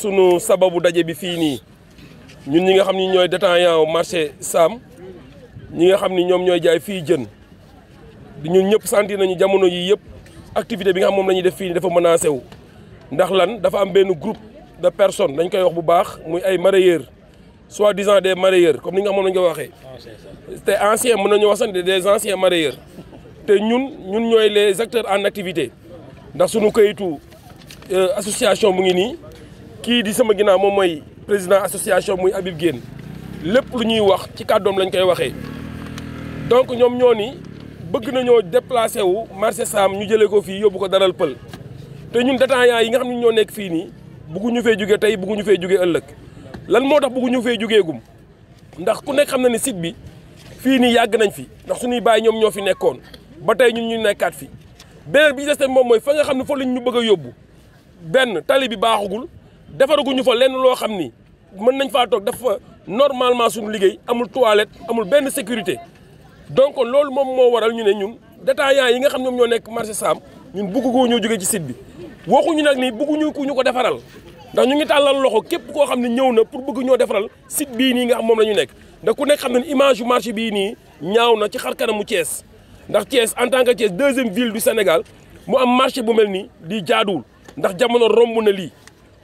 sunu sababu daje bi fii nii ñun ñi nga xam ni ñooy détaillant marché Sam ñi nga xam ni ñoom ñooy jaay fii jën ñun ñëpp sentir nañu jamono yi yëpp activité bi nga xam moom la ñuy def fii nii dafa menacé wu. ndax lan dafa am benn groupe de personnes dañ koy wax bu baax muy ay mareyeurs soi-disant des mareyeurs comme ni nga xam moom la ñu koy waxee. te ancien mën nañu wax sax des anciens mareyeurs. te ñun ñun ñooy les acteurs en activité ndax sunu kayitu euh, association mu ngi nii. kii di sama ginnaaw moom mooy président association muy Habib génn lépp lu ñuy wax ci kàddoom lañu koy waxee donc ñoom ñoo ni bëgg nañoo déplacé wu marché Sam ñu jëlee ko fii yóbbu ko daral pël te ñun détaillants yi nga xam ne ñoo nekk fii nii bëgguñu fee jóge tey bëgguñu fee jóge ëllëg lan moo tax bëgguñu fee jógee gum ndax ku nekk xam na ni site bi fii nii yàgg nañ fi ndax ñuy bàyyi ñoom ñoo fi nekkoon ba tey ñun ñu nekkaat fi beneen bi ñu des moom mooy fa nga xam ne fa lañ ñu bëgg a yóbbu benn tali bi baaxagul. defaraguñu fa lenn loo xam ni mën nañ faa toog dafa normalement suñu liggéey amul toilette amul benn sécurité donc loolu moom moo waral ñu ne ñun détaillants yi nga xam ñoom ñoo nekk marché Sam ñun bëggu ñoo jógee ci site bi waxuñu nag ni bëgguñu ku ñu ko defaral ndax ñu ngi tàllal loxo képp koo xam ne ñëw na pour bëgg ñoo defaral site bii nii nga xam moom la ñu nekk ndax ku nekk xam ne image yu marché bii nii ñaaw na ci xar kanamu Thiès ndax Thiès en tant que Thiès deuxième ville du Sénégal mu am marché bu mel nii di jaaduwul ndax jamono romb na lii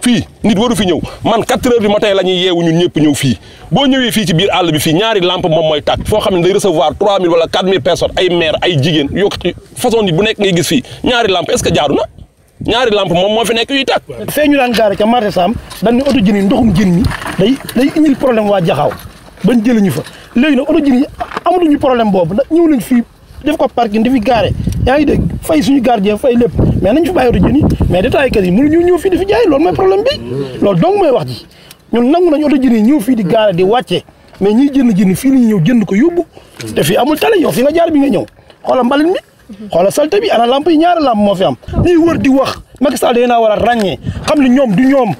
Fi, nit waru fi ñew man 4 h du matin lañuy yewu ñun ñepp ñew fi bo ñewé fi ci biir all bi fi ñaari lampe mom moy tak fo xamni day recevoir 3000 wala 4000 personnes ay maire ay jigen. Yo, façon nit bu nek ngay gis fi ñaari lampe est ce que jaaru na ñaari lampe mom mo fi nek yu tak fee ñu daan gaare marché Sam dañ ni auto jini ndoxum jini day day indi problème wa jaxaw bañ jëliñu fa légui na auto jini yi ñu problème bobu ñëw nañ fii def ko parking di fi gaare yaa ngi dégg fay suñu gardien fay lépp mais nañ fi bàyyiwatu jën yi mais détaillé yi mënuñu ñëw fii di fi jaay loolu mooy problème bi loolu donc mooy wax ji ñun nangu nañu oto jën yi di gaara di wàcce mais ñiy jënd jën fii la ñu ñëw jënd ko yóbbu te fii amul tali yow fi nga jaar bi nga ñëw xoolal mbalit mi xoolal salte bi ana lamp yi ñaari lamp moo fi am ñuy wër di wax Macky xam ne ñoom du ñoom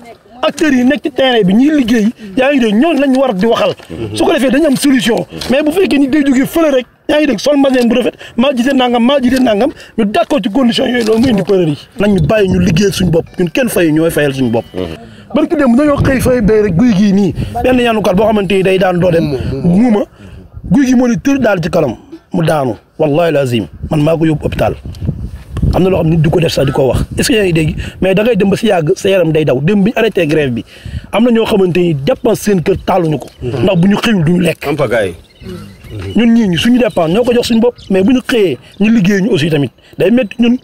acteurs yi nekk terrain bi ñuy liggéey yaa ngi dégg ñoon lañ war di waxal su ko defee dañu am solution mais bu fekkee ni day jógee fële rek yaa ngi dégg sol mbasin bu rafet maa gisee nangam maa gisee nangam ñu d'accord ci condition yooyu loolu muy indi përër yi ñu bàyyi ñu liggéey suñu bopp ñun kenn fayu ñooy fayal suñu bopp mm-hmm. barki dem dañoo xëy fay béy rek guy gii nii benn yanukat boo xamante ni day daan doo dem mm-hmm. Mm-hmm. muuma guy gi moo ni tër daal ci kanam mu daanu wallahi lazim man maa ko yóbbu hôpital am na loo xam nit du ko def sax di ko wax est-ce que yaa mais da ngay dem ba si yàgg sa day daw dem bi ñu arrêté am na ñoo xamante ni dépense seen kër taaluñu ko ndax bu ñu xëyul duñu lekk ñun ñii ñu suñu dépense ñoo ko jox suñu bopp mais bu ñu xëyee ñu liggéey ñu aussi tamit day métti ñun.